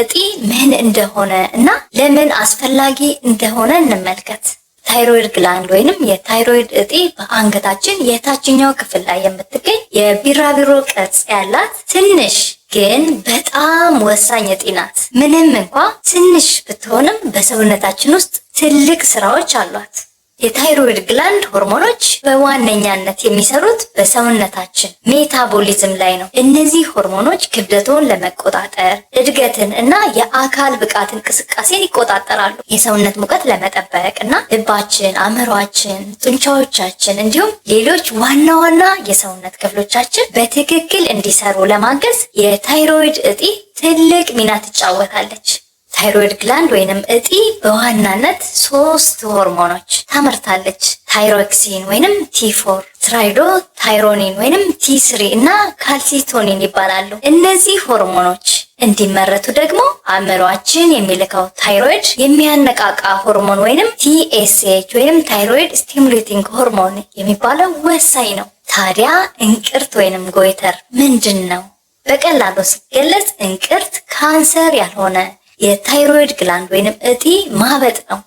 እጢ ምን እንደሆነ እና ለምን አስፈላጊ እንደሆነ እንመልከት። ታይሮይድ ግላንድ ወይንም የታይሮይድ እጢ በአንገታችን የታችኛው ክፍል ላይ የምትገኝ የቢራቢሮ ቅርጽ ያላት ትንሽ ግን በጣም ወሳኝ እጢ ናት። ምንም እንኳ ትንሽ ብትሆንም በሰውነታችን ውስጥ ትልቅ ስራዎች አሏት። የታይሮይድ ግላንድ ሆርሞኖች በዋነኛነት የሚሰሩት በሰውነታችን ሜታቦሊዝም ላይ ነው። እነዚህ ሆርሞኖች ክብደቶን ለመቆጣጠር እድገትን እና የአካል ብቃት እንቅስቃሴን ይቆጣጠራሉ። የሰውነት ሙቀት ለመጠበቅ እና ልባችን፣ አእምሯችን፣ ጡንቻዎቻችን እንዲሁም ሌሎች ዋና ዋና የሰውነት ክፍሎቻችን በትክክል እንዲሰሩ ለማገዝ የታይሮይድ እጢ ትልቅ ሚና ትጫወታለች። ታይሮይድ ግላንድ ወይንም እጢ በዋናነት ሶስት ሆርሞኖች ታመርታለች። ታይሮክሲን ወይንም ቲ4፣ ትራይዶ ታይሮኒን ወይንም ቲ3 እና ካልሲቶኒን ይባላሉ። እነዚህ ሆርሞኖች እንዲመረቱ ደግሞ አእምሯችን የሚልከው ታይሮይድ የሚያነቃቃ ሆርሞን ወይንም ቲኤስኤች ወይንም ታይሮይድ ስቲሙሌቲንግ ሆርሞን የሚባለው ወሳኝ ነው። ታዲያ እንቅርት ወይንም ጎይተር ምንድን ነው? በቀላሉ ሲገለጽ እንቅርት ካንሰር ያልሆነ የታይሮይድ ግላንድ ወይንም እጢ ማበጥ ነው።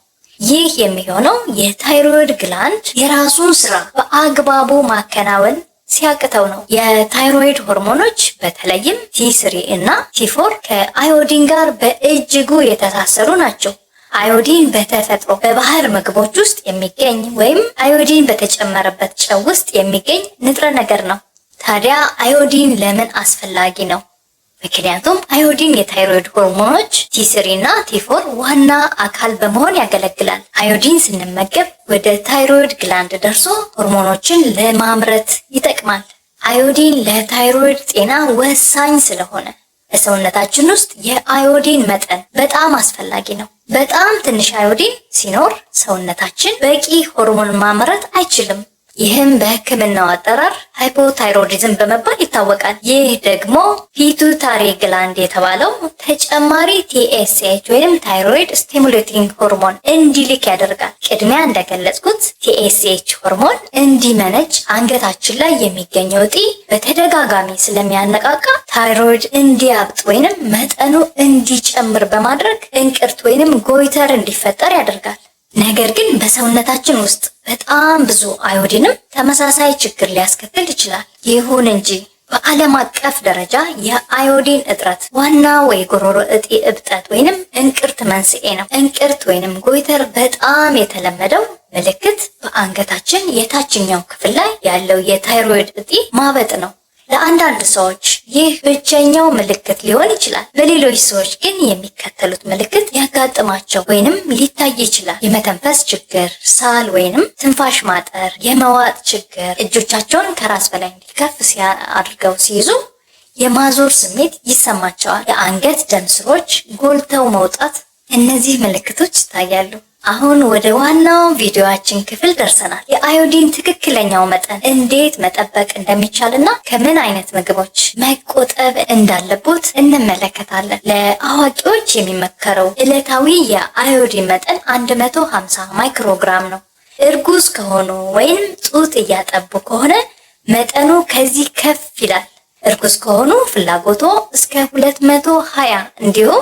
ይህ የሚሆነው የታይሮይድ ግላንድ የራሱን ስራ በአግባቡ ማከናወን ሲያቅተው ነው። የታይሮይድ ሆርሞኖች በተለይም ቲ3 እና ቲ4 ከአዮዲን ጋር በእጅጉ የተሳሰሩ ናቸው። አዮዲን በተፈጥሮ በባህር ምግቦች ውስጥ የሚገኝ ወይም አዮዲን በተጨመረበት ጨው ውስጥ የሚገኝ ንጥረ ነገር ነው። ታዲያ አዮዲን ለምን አስፈላጊ ነው? ምክንያቱም አዮዲን የታይሮይድ ሆርሞኖች ቲስሪ እና ቲፎር ዋና አካል በመሆን ያገለግላል። አዮዲን ስንመገብ ወደ ታይሮይድ ግላንድ ደርሶ ሆርሞኖችን ለማምረት ይጠቅማል። አዮዲን ለታይሮይድ ጤና ወሳኝ ስለሆነ በሰውነታችን ውስጥ የአዮዲን መጠን በጣም አስፈላጊ ነው። በጣም ትንሽ አዮዲን ሲኖር ሰውነታችን በቂ ሆርሞን ማምረት አይችልም። ይህም በህክምናው አጠራር ሃይፖታይሮዲዝም በመባል ይታወቃል። ይህ ደግሞ ፒቱታሪ ግላንድ የተባለው ተጨማሪ ቲኤስኤች ወይም ታይሮይድ ስቲሙሌቲንግ ሆርሞን እንዲልክ ያደርጋል። ቅድሚያ እንደገለጽኩት ቲኤስኤች ሆርሞን እንዲመነጭ አንገታችን ላይ የሚገኘው እጢ በተደጋጋሚ ስለሚያነቃቃ ታይሮይድ እንዲያብጥ ወይንም መጠኑ እንዲጨምር በማድረግ እንቅርት ወይንም ጎይተር እንዲፈጠር ያደርጋል። ነገር ግን በሰውነታችን ውስጥ በጣም ብዙ አዮዲንም ተመሳሳይ ችግር ሊያስከትል ይችላል። ይሁን እንጂ በዓለም አቀፍ ደረጃ የአዮዲን እጥረት ዋናው የጉሮሮ እጢ እብጠት ወይንም እንቅርት መንስኤ ነው። እንቅርት ወይንም ጎይተር በጣም የተለመደው ምልክት በአንገታችን የታችኛው ክፍል ላይ ያለው የታይሮይድ እጢ ማበጥ ነው። ለአንዳንድ ሰዎች ይህ ብቸኛው ምልክት ሊሆን ይችላል። ለሌሎች ሰዎች ግን የሚከተሉት ምልክት ሊያጋጥማቸው ወይንም ሊታይ ይችላል። የመተንፈስ ችግር፣ ሳል ወይንም ትንፋሽ ማጠር፣ የመዋጥ ችግር፣ እጆቻቸውን ከራስ በላይ እንዲከፍ አድርገው ሲይዙ የማዞር ስሜት ይሰማቸዋል። የአንገት ደም ስሮች ጎልተው መውጣት፣ እነዚህ ምልክቶች ይታያሉ። አሁን ወደ ዋናው ቪዲዮአችን ክፍል ደርሰናል። የአዮዲን ትክክለኛው መጠን እንዴት መጠበቅ እንደሚቻልና ከምን አይነት ምግቦች መቆጠብ እንዳለቦት እንመለከታለን። ለአዋቂዎች የሚመከረው ዕለታዊ የአዮዲን መጠን 150 ማይክሮግራም ነው። እርጉዝ ከሆኑ ወይም ጡት እያጠቡ ከሆነ መጠኑ ከዚህ ከፍ ይላል። እርጉዝ ከሆኑ ፍላጎቶ እስከ 220 እንዲሁም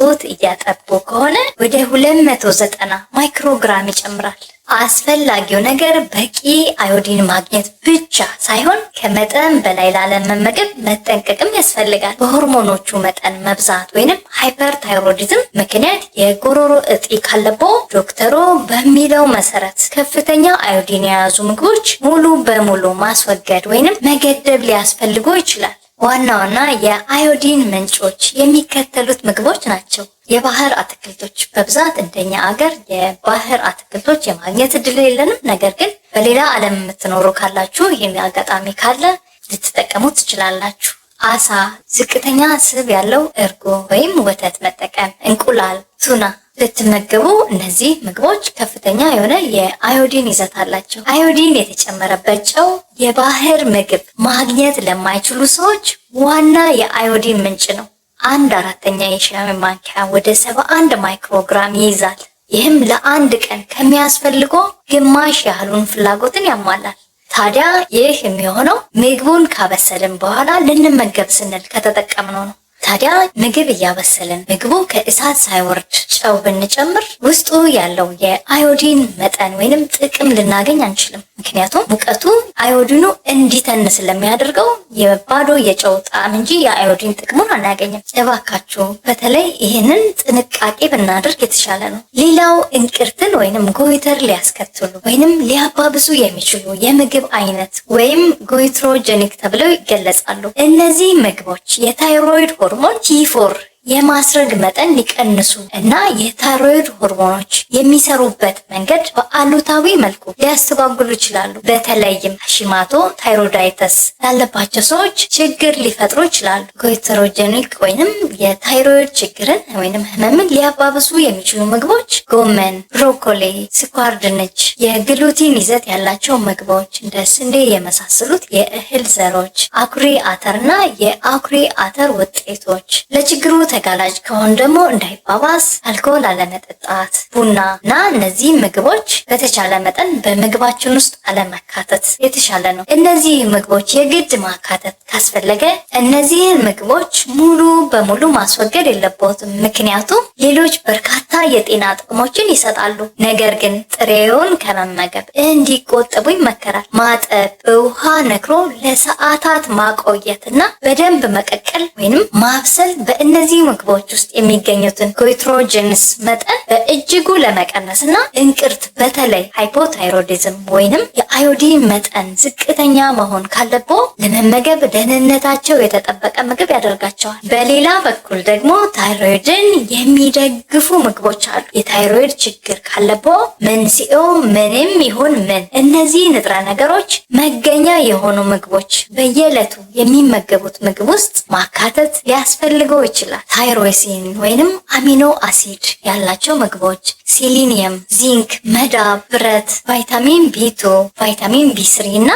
በጽሁት እያጠቡ ከሆነ ወደ 290 ማይክሮግራም ይጨምራል። አስፈላጊው ነገር በቂ አዮዲን ማግኘት ብቻ ሳይሆን ከመጠን በላይ ላለመመገብ መጠንቀቅም ያስፈልጋል። በሆርሞኖቹ መጠን መብዛት ወይንም ሃይፐርታይሮዲዝም ምክንያት የጉሮሮ እጢ ካለቦ ዶክተሩ በሚለው መሰረት ከፍተኛ አዮዲን የያዙ ምግቦች ሙሉ በሙሉ ማስወገድ ወይንም መገደብ ሊያስፈልጎ ይችላል። ዋናውና የአዮዲን ምንጮች የሚከተሉት ምግቦች ናቸው። የባህር አትክልቶች በብዛት እንደኛ አገር የባህር አትክልቶች የማግኘት እድል የለንም። ነገር ግን በሌላ ዓለም የምትኖሩ ካላችሁ ይህም አጋጣሚ ካለ ልትጠቀሙ ትችላላችሁ። አሳ፣ ዝቅተኛ ስብ ያለው እርጎ ወይም ወተት መጠቀም፣ እንቁላል፣ ቱና ስትመገቡ እነዚህ ምግቦች ከፍተኛ የሆነ የአዮዲን ይዘት አላቸው። አዮዲን የተጨመረበት ጨው የባህር ምግብ ማግኘት ለማይችሉ ሰዎች ዋና የአዮዲን ምንጭ ነው። አንድ አራተኛ የሻይ ማንኪያ ወደ ሰባ አንድ ማይክሮግራም ይይዛል። ይህም ለአንድ ቀን ከሚያስፈልጎ ግማሽ ያህሉን ፍላጎትን ያሟላል። ታዲያ ይህ የሚሆነው ምግቡን ካበሰልን በኋላ ልንመገብ ስንል ከተጠቀምነው ነው። ታዲያ ምግብ እያበሰልን ምግቡ ከእሳት ሳይወርድ ጨው ብንጨምር ውስጡ ያለው የአዮዲን መጠን ወይንም ጥቅም ልናገኝ አንችልም። ምክንያቱም ሙቀቱ አዮዲኑ እንዲተን ስለሚያደርገው የባዶ የጨው ጣዕም እንጂ የአዮዲን ጥቅሙን አናገኝም። እባካችሁ በተለይ ይህንን ጥንቃቄ ብናደርግ የተሻለ ነው። ሌላው እንቅርትን ወይንም ጎይተር ሊያስከትሉ ወይንም ሊያባብሱ የሚችሉ የምግብ አይነት ወይም ጎይትሮጀኒክ ተብለው ይገለጻሉ። እነዚህ ምግቦች የታይሮይድ ሆርሞን ቲፎር የማስረግ መጠን ሊቀንሱ እና የታይሮይድ ሆርሞኖች የሚሰሩበት መንገድ በአሉታዊ መልኩ ሊያስተጓጉሉ ይችላሉ። በተለይም ሺማቶ ታይሮዳይተስ ላለባቸው ሰዎች ችግር ሊፈጥሩ ይችላሉ። ጎይተሮጀኒክ ወይንም የታይሮይድ ችግርን ወይንም ህመምን ሊያባብሱ የሚችሉ ምግቦች ጎመን፣ ብሮኮሊ፣ ስኳር ድንች፣ የግሉቲን ይዘት ያላቸው ምግቦች እንደ ስንዴ የመሳሰሉት የእህል ዘሮች፣ አኩሪ አተር የአኩሪ አተር ውጤቶች ለችግሩ ተጋላጭ ከሆን ደግሞ እንዳይባባስ አልኮል አለመጠጣት፣ ቡና እና እነዚህ ምግቦች በተቻለ መጠን በምግባችን ውስጥ አለመካተት የተሻለ ነው። እነዚህ ምግቦች የግድ ማካተት ካስፈለገ እነዚህን ምግቦች ሙሉ በሙሉ ማስወገድ የለበትም ምክንያቱም ሌሎች በርካታ የጤና ጥቅሞችን ይሰጣሉ። ነገር ግን ጥሬውን ከመመገብ እንዲቆጠቡ ይመከራል። ማጠብ፣ በውሃ ነክሮ ለሰዓታት ማቆየት ና በደንብ መቀቀል ወይንም ማብሰል በእነዚህ ምግቦች ውስጥ የሚገኙትን ኮይትሮጅንስ መጠን በእጅጉ ለመቀነስና እንቅርት በተለይ ሃይፖታይሮዲዝም ወይንም የአዮዲን መጠን ዝቅተኛ መሆን ካለቦ ለመመገብ ደህንነታቸው የተጠበቀ ምግብ ያደርጋቸዋል። በሌላ በኩል ደግሞ ታይሮይድን የሚ የሚደግፉ ምግቦች አሉ። የታይሮይድ ችግር ካለቦ መንስኤው ምንም ይሁን ምን እነዚህ ንጥረ ነገሮች መገኛ የሆኑ ምግቦች በየዕለቱ የሚመገቡት ምግብ ውስጥ ማካተት ሊያስፈልገው ይችላል። ታይሮይሲን ወይንም አሚኖ አሲድ ያላቸው ምግቦች ሲሊኒየም ዚንክ፣ መዳብ፣ ብረት፣ ቫይታሚን ቢቱ ቫይታሚን ቢ3 እና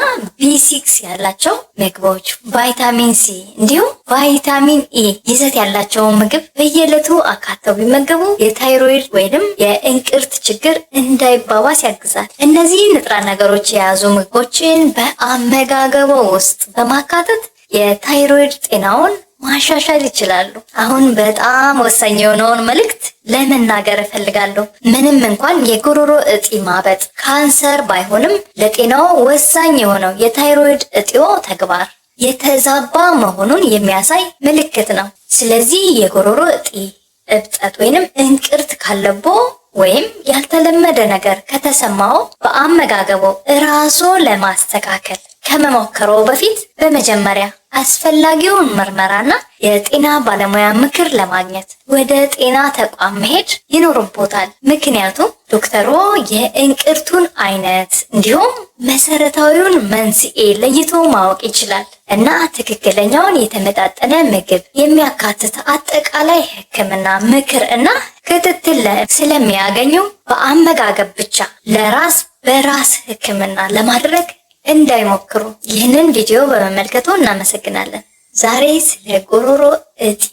ቢ ያላቸው ምግቦች ቫይታሚን ሲ እንዲሁም ቫይታሚን ኢ ይዘት ያላቸውን ምግብ በየዕለቱ አካተው ቢመገቡ የታይሮይድ ወይንም የእንቅርት ችግር እንዳይባባስ ያግዛል። እነዚህ ንጥረ ነገሮች የያዙ ምግቦችን በአመጋገቦ ውስጥ በማካተት የታይሮይድ ጤናውን ማሻሻል ይችላሉ። አሁን በጣም ወሳኝ የሆነውን መልእክት ለመናገር እፈልጋለሁ። ምንም እንኳን የጉሮሮ እጢ ማበጥ ካንሰር ባይሆንም ለጤናው ወሳኝ የሆነው የታይሮይድ እጢዎ ተግባር የተዛባ መሆኑን የሚያሳይ ምልክት ነው። ስለዚህ የጎሮሮ እጢ፣ እብጠት ወይንም እንቅርት ካለቦ ወይም ያልተለመደ ነገር ከተሰማው በአመጋገቦ እራሶ ለማስተካከል ከመሞከሮ በፊት በመጀመሪያ አስፈላጊውን ምርመራና የጤና ባለሙያ ምክር ለማግኘት ወደ ጤና ተቋም መሄድ ይኖርቦታል። ምክንያቱም ዶክተሮ የእንቅርቱን አይነት እንዲሁም መሰረታዊውን መንስኤ ለይቶ ማወቅ ይችላል እና ትክክለኛውን የተመጣጠነ ምግብ የሚያካትት አጠቃላይ ሕክምና ምክር እና ክትትል ስለሚያገኙ በአመጋገብ ብቻ ለራስ በራስ ሕክምና ለማድረግ እንዳይሞክሩ። ይህንን ቪዲዮ በመመልከቱ እናመሰግናለን። ዛሬ ስለ ጎሮሮ እጢ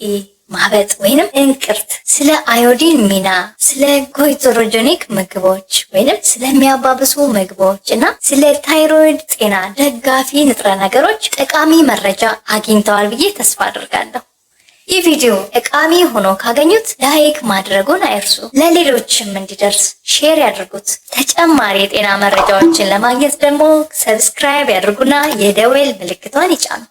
ማበጥ ወይንም እንቅርት፣ ስለ አዮዲን ሚና፣ ስለ ጎይቶሮጆኒክ ምግቦች ወይንም ስለሚያባብሱ ምግቦች እና ስለ ታይሮይድ ጤና ደጋፊ ንጥረ ነገሮች ጠቃሚ መረጃ አግኝተዋል ብዬ ተስፋ አድርጋለሁ። ይህ ቪዲዮ ጠቃሚ ሆኖ ካገኙት ላይክ ማድረጉን አይርሱ። ለሌሎችም እንዲደርስ ሼር ያድርጉት። ተጨማሪ የጤና መረጃዎችን ለማግኘት ደግሞ ሰብስክራይብ ያድርጉና የደወል ምልክቷን ይጫኑ።